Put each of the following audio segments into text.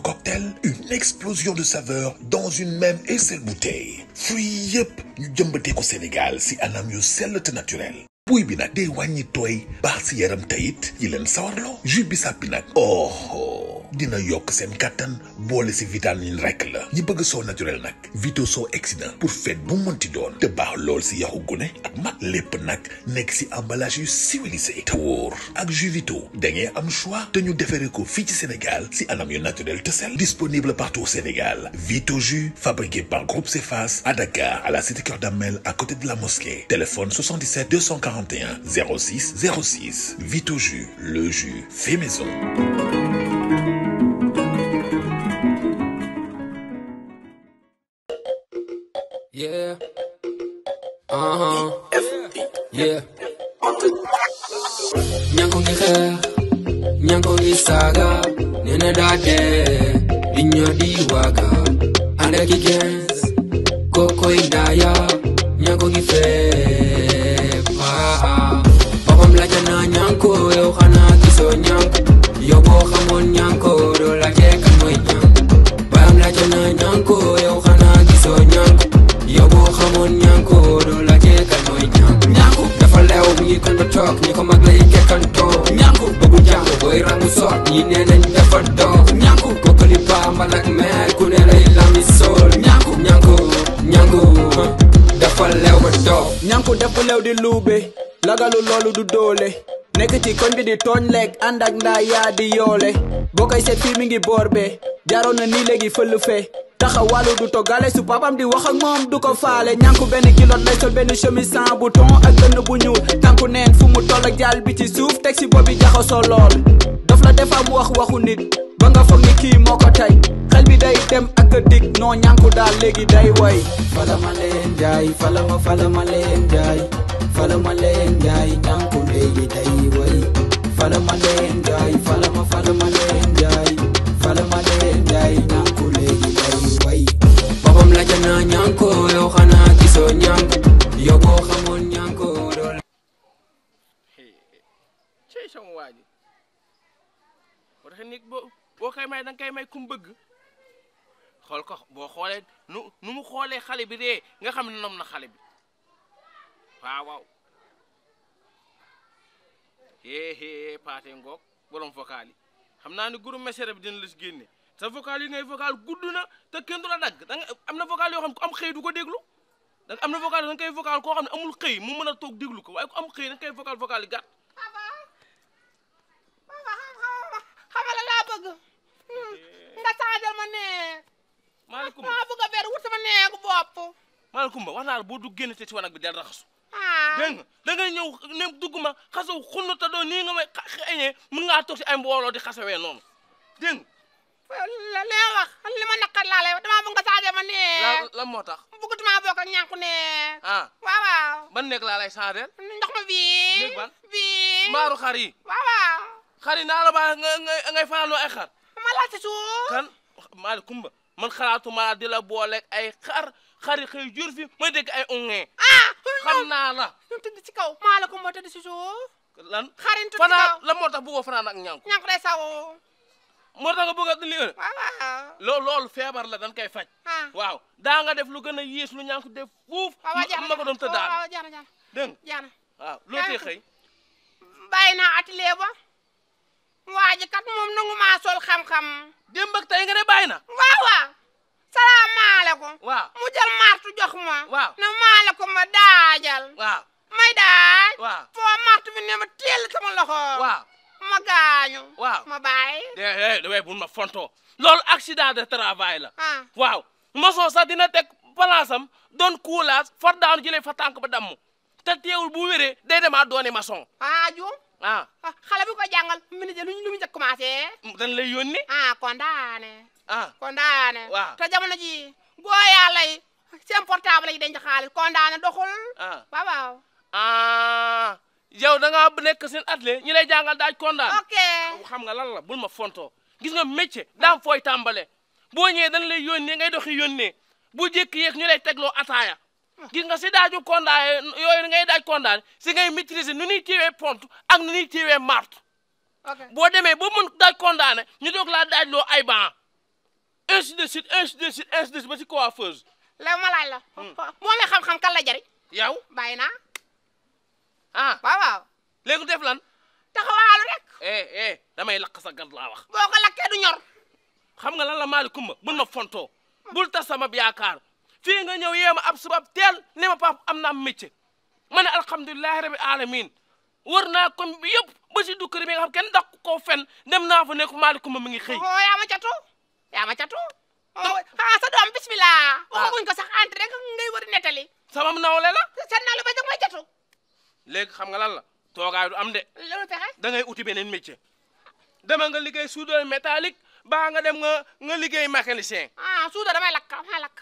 Cocktail, une explosion de saveurs dans une même et seule bouteille fruits yep, nous ñu Sénégal si anam yo mieux naturelle. naturel oui bi des day wàññi tooy baax si yaram il yi a sawarloo jus bi oh. oh dina yok sen katan boole si vitamine rek la ñi bëgg so naturel nag vito soo pour fait bu monti don te baax lool si yaxu gune ak mag lépp nag si emballage yu civilisé te wóor ak jus vito da am choix te ñu déféré ko fi ci Sénégal si anam yu naturel te sel disponible partout au Sénégal vito jus fabriqué par Groupe Cefas à Dakar à la cité cœur Damel à côté de la mosquée téléphone 77 241 06 06 vito jus le jus fait maison Kade Bignoli Waga Anda ki gens ki fepa Papam la jana nyanko Ew xana kiso nyanko Yobo xamon nyanko Do la jeka moy nyanko Bayam la jana nyanko Ew xana kiso nyanko Yobo xamon nyanko Do Dafa lew mi ngi kondo toog Ñi ko mag lay kekkantoo Nyanko Bëggu jàng booy rangu soot Ñi nee nañ dafa doog bambal ak mais ku ne lay lami sool ñanku ñanku ñanku dafa lew ba doof ñanku di luube lagalu loolu du doole nekk ci koñ bi di tooñ lekk ànd ak ndaa yaa di yoole boo koy seet fii mi ngi boor bee jaaroon na nii léegi fël fe taxawalu du toggale su papam di wax ak moom du ko faale ñànku benn kilote lay sol benn chemise sans bouton ak dënn bu ñuul tànku neen fu mu toll ak jaal bi ci suuf teg si bopp bi jaxasoo lool ndax dafa mu wax waxu nit ba nga foog ni kii moo ko tey xel bi day dem ak a dig ñànku daal léegi day way fala ma leen jaay fala ma fala ma leen jaay fala ma leen jaay ñànku léegi day way fala ma leen jaay fala ma fala ma koy may danga koy may ku mu bëgg xool ko boo xoolee nu nu mu xoolee xale bi dee nga xam ne noom na xale bi waaw waaw hee hee paate ngoog borom vocal yi xam naa ni groupe mesere bi dina la si génne sa vocal yi ngay vocal gudd na te kenn du la dagg da nga am na vocal yoo xam ne ku am xëy du ko déglu da nga am na vocal da nga koy vocal koo xam ne amul xëy mu mën a toog déglu ko waaye ku am xëy da kay koy vocal vocal yi wala kumba wala bo du génn te ci wanag bi del raxasu deng da nga ñew ne duguma ma xunu ta do ni nga may xagne mën nga tok ci ay mbolo di xasawee noonu dégg nga la le wax li ma naqar laa lay wax bëgg nga changé ma ne motax moo tax bëggatuma bokk ak ñanku ne ah waaw waaw ban nekk laa lay changé ndox ma bi bii mbaaru xar yi waaw waaw xar yi la ba nga ngay fanaanoo ay xar ma la ci su kan maa kumba man xalaatu maa di la booleeg ay xar xari xey jur fi may dégg ay onge. ah xam naa la. ñu tëdd ci kaw maa la ko mo tëdd ci suuf. lan xarin tëdd ci kaw la moo tax bëggoo fana ak ñànku. ñànku day saw moo tax nga bëgg a li ëllëg. waaw loolu feebar la dañ koy faj. Ah. waaw daa nga def lu gën a yées lu ñànku def fuuf. waaw jaana ma ko doon tëdd daal waaw jaana jaana. dégg jaana. waaw loo tee xëy. bàyyi naa atelier ba. waa kat moom nangu maa sol xam-xam. démb ak tey nga ne bàyyi na. waaw waaw. salaamaaleykum. waaw mu jël martu jox ma. waaw ma daajal. may daaj. foo martu bi ne ma teel sama loxo. waaw ma gaañu. ma bàyyi. eh eh bu ma fontoo loolu accident de travail ah. waaw mosoo sax dina teg balance am doon kuulaas for daanu jëlee fa tànk ba damm te teewul bu wéree day demaat doone maçon. ah ju. ah xale bu ko jàngal. mu ne de lu ñu lu ñu commencé. dañ lay yónni. ah kontaane. condamné ah. waaw te jamono ji góor yàlla yi seen portable yi denc xaalis condamné doxul ah. waaw waaw ah yow da ngaa nekk seen atelier ñi lay jàngal daaj condamné ok xam nga lan bul ma fontoo gis nga métier daam fooy tàmbale boo ñëwee dañ lay yónnee ngay doxi yónnee bu jékki yeeg ñu lay tegloo ataaya ah. gis nga si daaju condamné yooyu ngay daaj condamné si ngay maîtriser nu ñuy téewee pont ak nu ñuy téewee martu boo demee ba mën daaj condamné ñu doog laa daaj loo ay ban ainsi de suite ainsi de suite ainsi de suite ba ci coiffeuse. ma laaj la. Hmm. moo ne xam-xam kan la jariñ. yow bàyyi naa. ah waaw waaw. léegi def lan. taxawaalu rek. eh eh damay lakk sa gan laa wax. boo ko lakkee du ñor. xam nga lan la Malick Coumba mën na fontoo. Hmm. bul tas sama yaakaar. fii nga ñëw yéema ab subab teel ne ma pap am naa métier. ma ne alhamdulilah rabi alamin war naa kon bi yëpp ba si dugub bi nga xam kenn fen dem naa fa nekk Malick Coumba mi ngi xëy. waaw yaa ma catu. ya catu oh. donc oh. e e ah sa doom bismillah. waxaguñ ko sax entre rek ngay war a sama nawle la. catu. léegi xam nga lan la. toogaay du am de. da ngay uti beneen métier. dama nga liggéey soudeur métallique baa nga dem nga nga liggéey mécanicien. ah soudeur damay lakk damay lakk.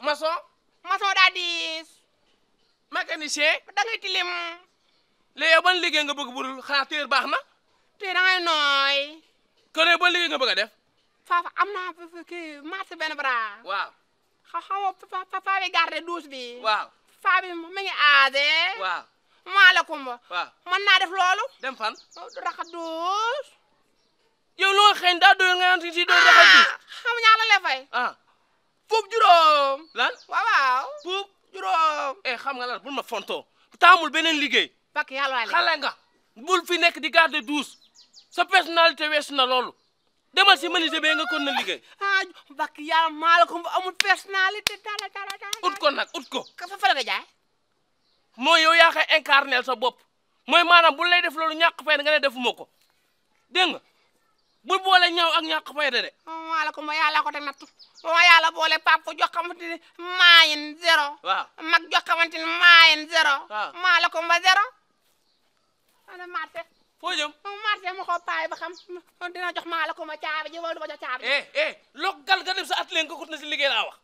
maçon. maçon daa diis. mécanicien. da ngay tilim. léegi ban liggéey nga bëgg budul xanaa téer baax na. da ngay ban liggéey nga bëgg def. faafa am naa kii marché benn bras. waaw xaw xaw fa bi garder douche bi. waaw faa bi mi ngi aase. waaw maaleykum. waaw mën naa def loolu. dem fan. Oh, raxa douche. yow loo xëy daa doyul nga naan si si doon dafa ah, douche. xam ñaata la fay. ah fub juróom. lan waaw fub juróom. eh xam nga lan bul ma fontoo taamul beneen liggéey. bakk yàlla xale nga bul fi nekk di garder douche sa personnalité weesu na loolu. demal si menuisier bee nga kon na liggéey. ah bakk yàlla maa la ko amul personnalité dara dara ka fa fa la mooy yow yaa koy incarné sa bopp mooy maanaam bu lay def loolu ñàkk fayda nga ne defuma ko dégg nga bu boole ñaaw ak ñàkk fayda de. Oh, maa la ko ma yàlla ko teg nattu ma oh, yàlla boole papa jox xamante ni maayin zéro. waaw mag jox xamante maayin zéro. waaw maa la foo mau marché ma ko paay ba xam dina jox maa la ko eh eh loo gal nga dem sa atelier nga kut na si liggéey laa wax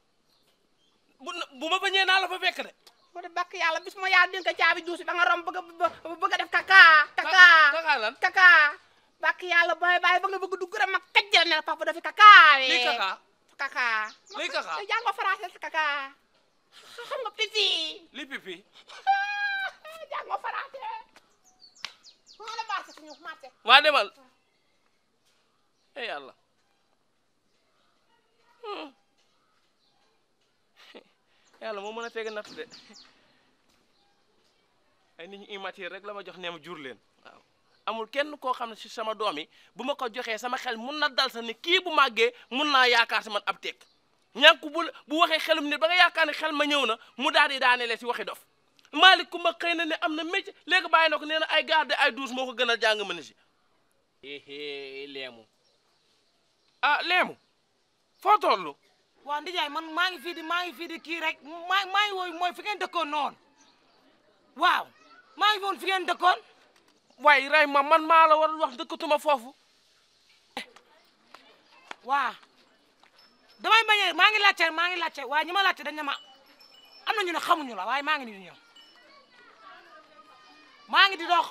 bu bu ma bañee naa la fa fekk kakak kakak kakak lan kakak, bakk yàlla bàyyi bàyyi ba nga bëgg dugg rek kakak kakak kakak, ne la papa kakak kakaa. lii kakaa kakaa. lii kakaa ma jàng ko waa demal eh yàlla hmm. yàlla moo mën a teg natt de ay nit ñu immature rek la ma jox neem jur leen amul kenn koo xam ne si sama doom yi bu ma ko joxee sama xel mun na dal sa ni kii bu màggee mun naa yaakaar si man ab teg ñàkk bu bu waxee xelum nit ba nga yaakaar ne xel ma ñëw na mu daal di daanelee si waxi dof. maale kumba ma xëy na ne am na métier léegi bàyyi na ko nee na ay garde ay douze moo ko gën a jàng menuisier eh, eh, leemu ah leemu foo tollu waaw ndijaay man maa ngi fii di maa ngi fii di kii rek maa maa ngi woon mooy fi ngeen dëkkoon noon waaw maa ngi woon fi ngeen dëkkoon waaye rey ma man maa la war wax dëkkatuma foofu waaw damay bañ maa ngi laajte maa ngi laajte waaye ñi ma laajte dañ ma am na ñu ne xamuñu la waaye maa ngi nii maa ngi di dox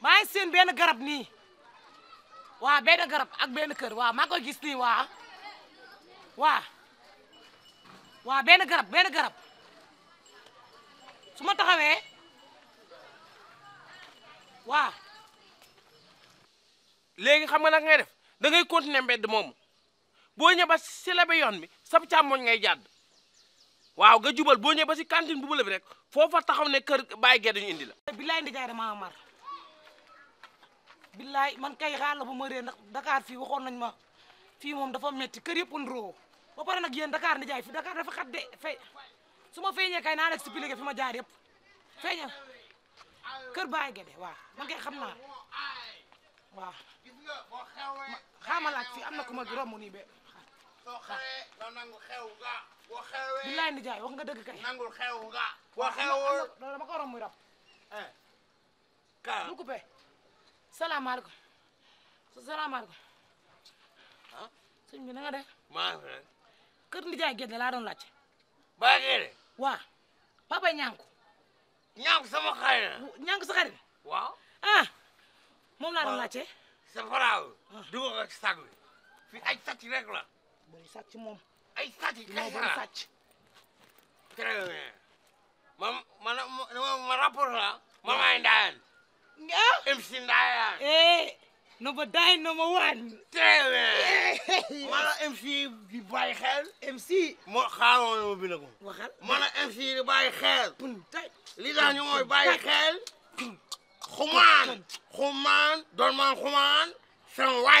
maa ngi seen benn garab nii waa benn garab ak benn kër waa maa ko gis nii waa waa waa benn garab benn garab su ma taxawee waa léegi xam nga nag ngay def da ngay continuer mbedd moomu boo ñëw ba si la ba yoon bi sab càmmoñ ngay jàdd waaw nga jubal bo ñe ba ci cantine bu bële bi rek fofa taxaw ne kër bàyyi gerte ñu indi la. billaay jaay dama mar billahi man kay xala bu ma ree ndax Dakar fi waxon nañ ma fi mom dafa metti kër yëpp ndro ba pare nak yeen Dakar jaay fi Dakar dafa xat de fe su kay na kay ci expliqué fi ma jaar yëpp feeña kër bàyyi gerte waaw man kay xamna naa waaw xaamal ak fii am na ku ma be soo xewee nga nangul xew nga. boo xewee bilaay nijaay wax nga dëgg kay. nangul xew nga. boo xewul loolu dama ko waroon muy rab. Eh, ah, bi na nga def. maa ngi fi kër laa doon laajte. Baye Gédé. waaw. papa ñaanku. ñaanku sama xarit la. ñaanku sa xarit. waaw. Ah, moom laa doon laajte. sa faraaw. Ah. dugal ko ci fi ay sàcc rek bëri sàcc moom. ay sàcc kay xanaa sàcc. très bien. ma rapport la. man maay ndaayaan. ah. MC ndaayaan. eh. no ba daay no ma waan. très eh. di bàyyi xel. MC. moo xaaroon na ma bind ko. waxal man la di bàyyi xel. li tax ñu mooy bàyyi xel. xumaan xumaan doon man xumaan. seen la.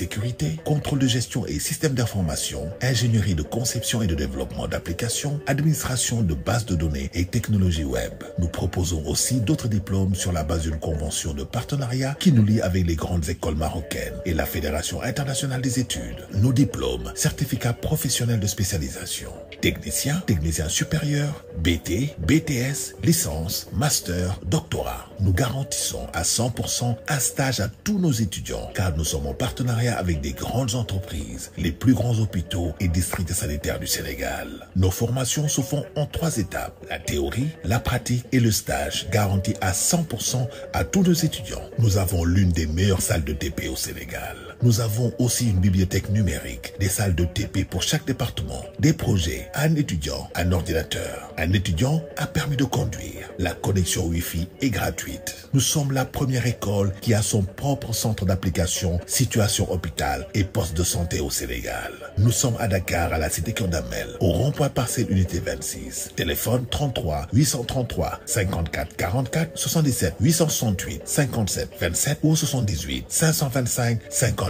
sécurité, contrôle de gestion et système d'information, ingénierie de conception et de développement d'applications, administration de bases de données et technologies web. Nous proposons aussi d'autres diplômes sur la base d'une convention de partenariat qui nous lie avec les grandes écoles marocaines et la Fédération internationale des études. Nos diplômes, certificats professionnels de spécialisation, technicien, technicien supérieur, BT, BTS, licence, master, doctorat. Nous garantissons à 100% un stage à tous nos étudiants car nous sommes en partenariat avec des grandes entreprises, les plus grands hôpitaux et districts sanitaires du Sénégal. Nos formations se font en trois étapes, la théorie, la pratique et le stage, garantie à 100% à tous nos étudiants. Nous avons l'une des meilleures salles de TP au Sénégal. Nous avons aussi une bibliothèque numérique, des salles de TP pour chaque département, des projets, un étudiant, un ordinateur, un étudiant, a permis de conduire. La connexion Wi-Fi est gratuite. Nous sommes la première école qui a son propre centre d'application, situation hôpital et poste de santé au Sénégal. Nous sommes à Dakar, à la cité Kondamel, au rond-point parcelle unité 26. Téléphone 33 833 54 44 77 868 57 27 ou 78 525 50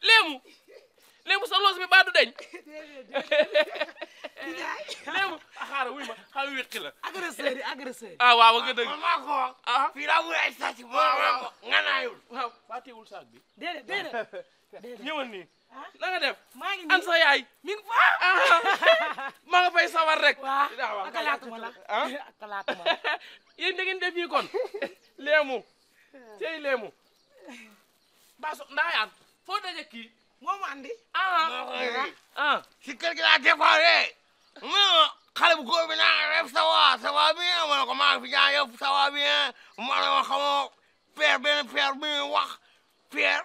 léemu léemu sa loos bi baa du deñ a xaara wuy ma xaar wéqi la agresseur yi agresseur yi ah waaw nga dëgg maa ah. ah. ah. nga def maa ngi an sa mi ngi fa sawar rek waaw ak laatuma la ak laatuma la yéen da ngeen def yi foo daje kii. moom andi. ah, ah. ah. si kër gi laa bu góor bi ref ça va ça va bien ko maa fi jaa yëpp ça va bien ah. ma ne ma xamoo père benn père bu ñuy wax père.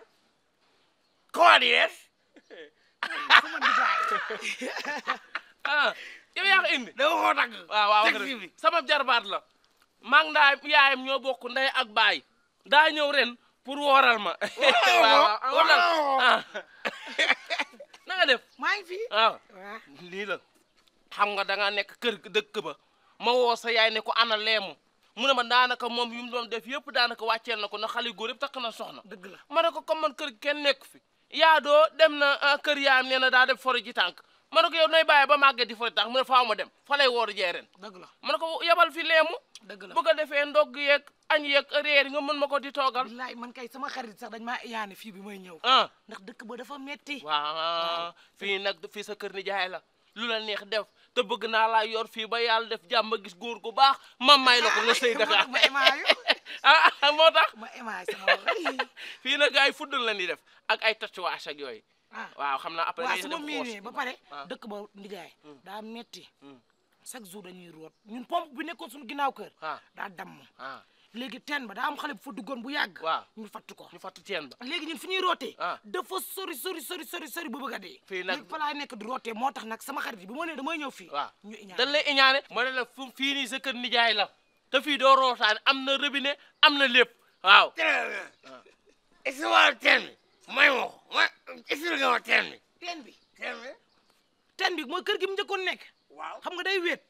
comment dire. ah yow yaa ko indi. dama ko tagg. waaw waaw sama jarbaat la. maa ak baay daa ñëw ren. pour wooral ma. waaw waaw ah. na nga def. maa ngi fi waaw. lii la xam nga da nga nekk kër dëkk ba ma woo sa yaay ne ko ana leemu mu ne ma daanaka moom yu mu doon def yëpp daanaka wàcceel na ko na xale góor yëpp takk na soxna. dëgg la ma ne ko comme man kër kenn nekk fi. yaadoo dem na ah, kër yaayam nee na daa def foro ji tànk man a ko yow nooy bàyyi ba màggee di foro ji tànk mu ne faaw ma dem fa lay woor jeereen. dëgg la ma ne ko yabal fi leemu. dëgg la bëgg a defee ndog yeeg añ yeeg réer nga mën ma ko di toogal. billaay man kay sama xarit sax dañ ma yaane fii bi may ñëw. Ah. ndax dëkk ba dafa metti waaw fii nag fii sa kër ni jaay la lu la neex def te bëgg naa laa yor fii ba yàlla def jàmm ma gis góor gu baax ma may la ko nga sëy Dakar ma émaayu ah, ah moo tax ma émaay sama fii nag ay fuddal la ni def ak ay tatouage ak yooyu. Ah. waaw xam naa après. waaw su ma miinee ba pare dëkk ba ndigaay hmm. daa metti hmm. chaque jour dañuy root ñun pompe kër. daa damm. léegi teen ba daam xale bu fa duggoon bu yàgg waaw ñu fatt ko ñu fatt teen ba léegi ñun fi ñuy rootee ah. dafa sori sori sori sori sori bu bëgg a dee fii nag fa nekk di rootee moo tax nag sama xarit yi bu ma nee damay ñëw fii waaw ñu iñaane dañ lay iñaane ma ne la fu fii nii sa nijaay la te fii doo am na robinet am na lépp waaw est teen bi ma ko ma est-ce que teen bi teen bi teen kër gi mu njëkkoon nekk waaw xam nga day wéet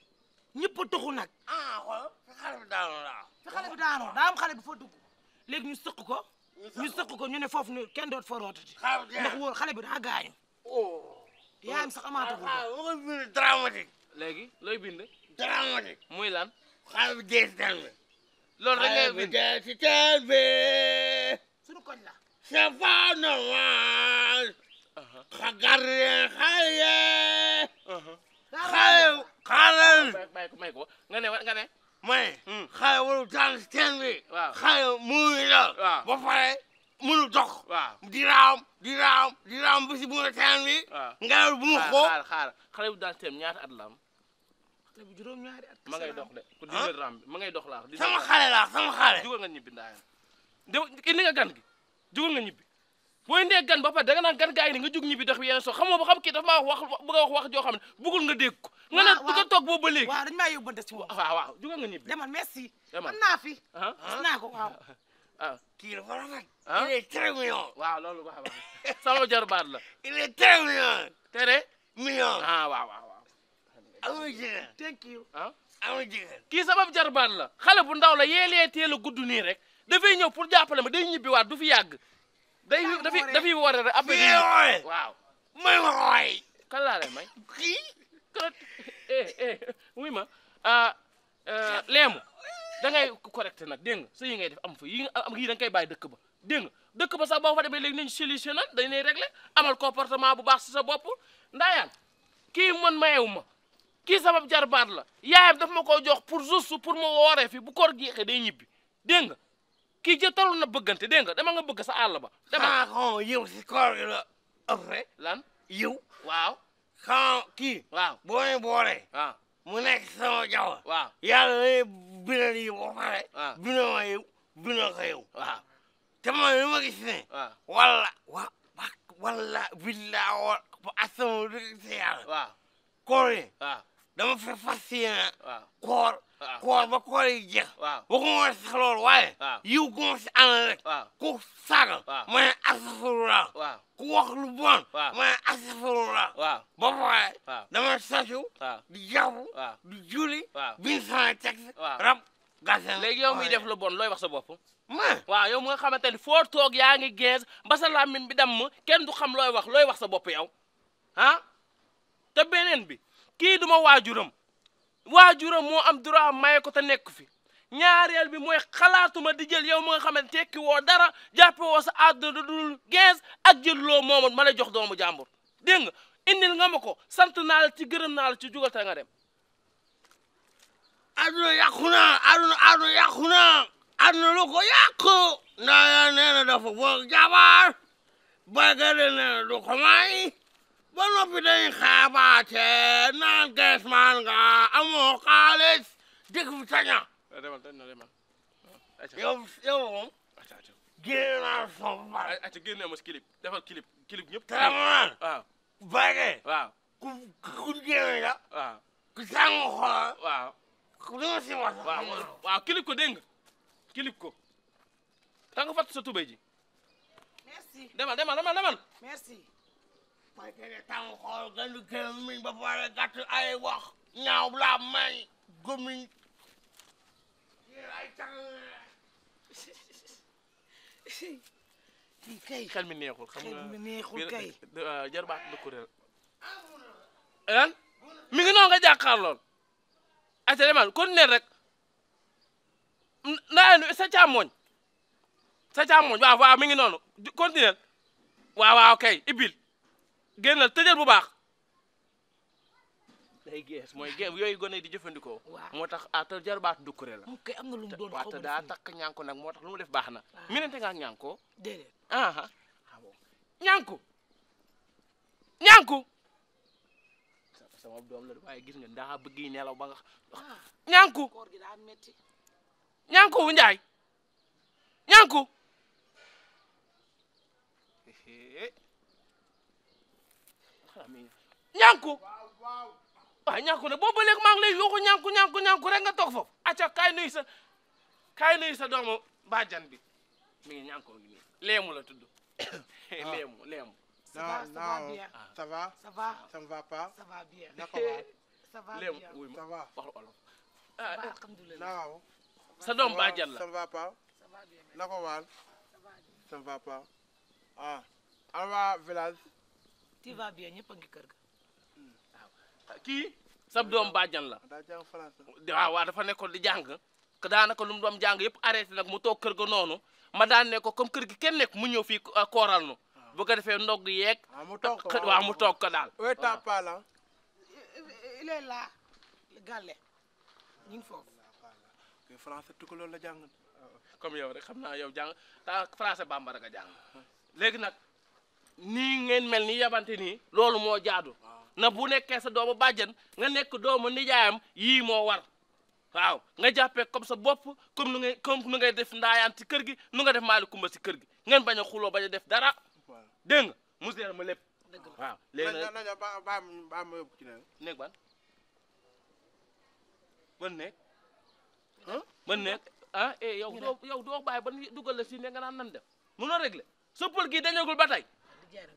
ñëpp a toxu nag ah xool xarit bi fi xale bi daanoo daa am xale bu fa dugg léegi ñu sëq ko ñu sëq ko ñu ne foofu ñu kenn doot fa rootati ndax wóor xale bi daa gaañu yaayam sax amaatagul ko bind dramatique léegi looy bind dramatique muy lan xale bi dees del bi loolu rek ngay bind xale bi dees del bi suñu koñ la c'est pas normal xagaree xale xale xale may ko may ko nga ne nga ne mais. Hmm. xale warul daan si teen bi. waaw xale la. waaw ba pare dox. waaw di raam di raam di raam ba si bu nga teen bi. waaw bu mu xoo. xaar xaar xale daan si teen ñaata at la am. xale juróom ñaari at. ma ngay dox de ku ma ngay dox laa. sama xale laa sama xale. jugal nga ñibbi ndaayam. de ki ni nga gan gi jugal nga ñibbi. boo indee gan ba pare danga naan gan gaa ngi nga jóg ñibbi dox bi yeneen so xam nga ba xam kii dafa wax wax bëgg a wax joo xam ne nga dégg ko. nga ne du ko toog boobu ba léegi. waaw dañu maa yóbbante si moom. waaw waaw jógal nga ñibbi. naa fi. Ah. gis ko waaw. ah kii dafa rafet. Ah. il la. il est très mignon. très ah, kii sama jarbaat la. xale bu ndaw la yeelee teel a gudd nii rek dafay ñëw pour jàppale ma day ñibbi waat du fi yàgg day dafay dafay woote rek après. fii wooye waaw. may wooye. kan laa lay may. kii. correct eh eh wuy ma ah eh, leemu da ngay correct nag dégg nga sa yi ngay def am fa yi am yii da nga koy bàyyi dëkk ba dégg nga dëkk ba sax boo fa demee léegi nañu solution nag dañ lay régler amal comportement bu baax si sa bopp ndaayaan kii man mayewu ma kii sama jarbaat la yaayam daf ma ko jox pour juste pour ma wooree fi bu koor jeexee day ñibbi dégg nga. kii ja toll na bëggante dégg nga dama nga bëgg sa àll ba. dama xanaa yow si koor gi la ëppee. lan yow. waaw xanaa kii. waaw boole ah. mu nekk sama jaww. waaw yàlla lay bindal yi boo xoolee. waaw bindal ma yow bindal ko yow. Ah. ma gis ne. Ah. waaw wa wala billa wa asama du si dama fa fas yéene. waaw koor. koor ba koor yi jeex. waaw waxuma woon sax waaye. waaw yiw gu ma si ànd rek. waaw ku saagal. waaw ma ne ku wax lu bon. waaw ma ne astafurlah. ba pare. dama saju. di jàpp. di julli. waaw biñ sama rab gàncax léegi yow miy def lu bon looy wax sa bopp. man waaw yow mu nga xamante ni foo toog yaa ngi gees ba sa làmmiñ bi damm kenn du xam looy wax looy wax sa bopp yow ah te beneen bi. kii duma ma waajuram waajuram moo am droit maye ko te nekk fi ñaareel bi mooy xalaatuma di jël yow ma nga xam tekki woo dara jàppe woo sa àdduna dul gees ak jël loo moomoon ma la jox doomu jàmbur dégg nga nga ma ko sant naa ci gërëm naa la ci jugal te nga dem àdduna yàqu na àdduna àdduna yàqu na àdduna lu ko yàqu ndaa nee na boog jabar bagale nee na du ko ba noppi dañ xaabaate naan gees maan nga amoo xaalis dëkk bi taña yow yow moom génne naa son ba ayca génne mos clip defal clip clip ñëpp waaw bage waaw ku ku génne ku sàngu xool waaw duma si wax waaw clip ko dégg clip ko da may tene tàng xool gënu gémmiñ ba pare gàtt ay wax ñaaw laa may gëmmiñ ay tàng kii kay xel mi neexul xam nga xel mi neexul kay euh, jarbaat du kuréel ah, lan mi ngi noonu nga jàkkaar lool ate demal kon ne rek ndaa sa càmmooñ sa càmmooñ waaw waaw mi ngi noonu continuer waaw waaw kay ibil génnal tëjal bu baax day gees moy ge yoy gone di jëfëndiko motax moo tax ah du jarbaat dukkure la. ok am na lu mu doon xaw da tak ñanko nak motax lu mu def baxna na. minante nga ñanko ñànko. aha ha bo ñanko ñanko sama doom la waaye gis nga daa bëgg nelaw ba nga. ñanko koor gi daa metti. ñànku wu ñay ñanko ñànku waaw ñànku ne boobu ba léegi maa ngi lay yuuxu ñànku ñànku ñànku rek nga toog foofu sa kaay nuyu sa bi mi ngi ñànku ngi nii leemu la tudd eh, leemu ah. leemu ça va bien ça va ça va ça ne va pas ça va bien bien leemu ça va sa doom baajan la ça ne va pas naka waal ça ne tu vas ñëpp a ngi kër ga. Ah, kii sab doom bàjjan la. waaw dafa nekkoon di jàng. que daanaka lu doom doon jàng yëpp arrêté nag mu toog kër ga noonu ma daan ne ko comme kër gi kenn nekk mu ñëw fii ah, kooral nu ah. bu ko defee ndog yeeg. waaw mu toog ko mu toog ko daal. oui temps pas là. il est là. Galle ñu la jàng. comme yow rek xam naa yow jàng ta français bambara nga jàng léegi nag. nii ngeen mel ni yabante ni loolu moo jaadu na bu nekkee sa doomu bàjjen nga nekk doomu nijaayam yii moo war waaw nga jàppee comme sa bopp comme nu ngay comme nu ngay def ndaayaan ci kër gi nu nga def maali kumba si kër gi ngeen bañ a xuloo bañ a def dara dégg nga mu seer ma lépp waaw léegi nag ba ba ma yóbbu ci ne néeg ban ban nekk ban ah eh, yow doo yow doo bàyyi ba dugal la si ne nga naan nan def munoo régler sa pël gi dañagul ba tey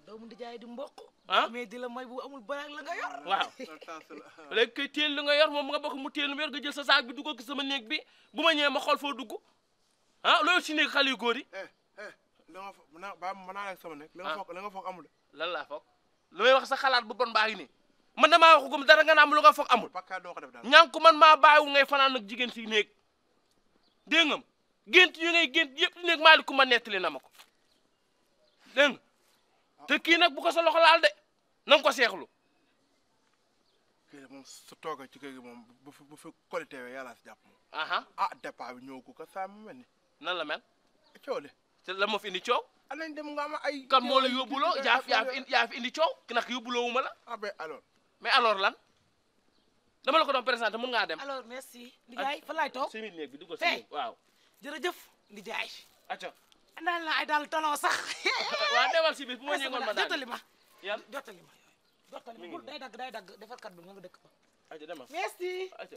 doomu ndijaay di mboq ah mais di la may bu amul baraag la nga yor waaw léegi koy la li nga yor moom nga bokk mu téel mu yor nga jël sa saag bi dugal ko sama néeg bi bu ma ñëwee ma xool foo dugg ah loolu si néeg xale yu góor yi la nga naa leen sama nekk la nga foog la ah. nga foog amul lan laa foog lu wax sa xalaat bu bon baa ngi nii man maa wax ko dara nga naan lu nga foog amul ñànk ko man maa bàyyiwu ngay fanaan ak jigéen si néeg dégg nga gént yu ngay gént yëpp di néeg maa li ku ma nettali na ma ko dégg te kii nag bu ko sa loxo laal de na ko seexlu. kii moom su toogee ci kër gi moom bu fi bu fi qualité bi yàlla jàpp moom. ah départ bi ñëw ko ko saa mu mel ni. nan la mel. coow li te la ma fi indi coow. anañ ah, dem nga ma ay. kan moo la yóbbuloo yaa fi yaa fi indi coow yóbbuloo wu la. ah mais alors. lan. dama la ko doon présenté mën ngaa dem. alors merci. Ndiaye fa laay toog simi néeg bi dugg simi waaw. jërëjëf Ndiaye. acca. daal la ay daal toloo sax. waaw deewal si bis bu ma ñëwoon ma daal jotali ma. yam jotali ma jotali ma day dagg day dagg defarkat bi ma nga dëkk ba. ayca demal merci. ayca.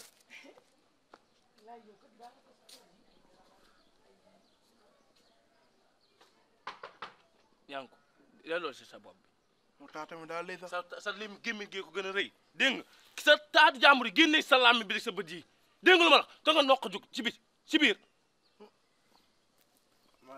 yaa ngi ko sa si sa bopp mu taatam daal sax. sa sa lim gémmi gee ko gën a rëy. sa taatu jàmbur sa bi sa lu ma nga nokk ci ci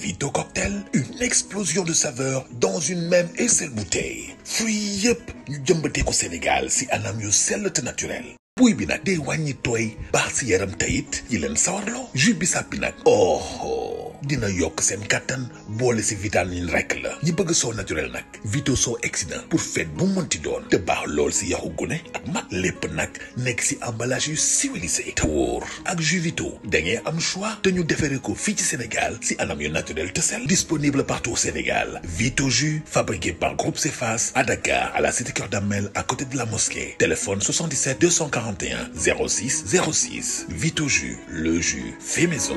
Vito Cocktail, une explosion de saveurs dans une même et seule bouteille Fuyep, yep, yëpp au Sénégal si anam yo sell naturel des bi parce day y tooy baax si yaram tayit yi leen bi oh, oh dina yok seen katan bolé si vitamine rek la ñi bëgg so naturel nag Vito soo excellent pour fête bu mënti doon te baax lool si y'a gune ak mat lépp nak nekk si emballage yu civilisé te ak jus Vito da ngeen am choix te ñu defaree ko fi ci Sénégal si anam yu naturel te sel. disponible partout au Sénégal Vito fabriqué par Groupe Cefas à Dakar à la cité cœur Damel à côté de la mosquée téléphone 77 241 06 06 Vito jus le jus fait maison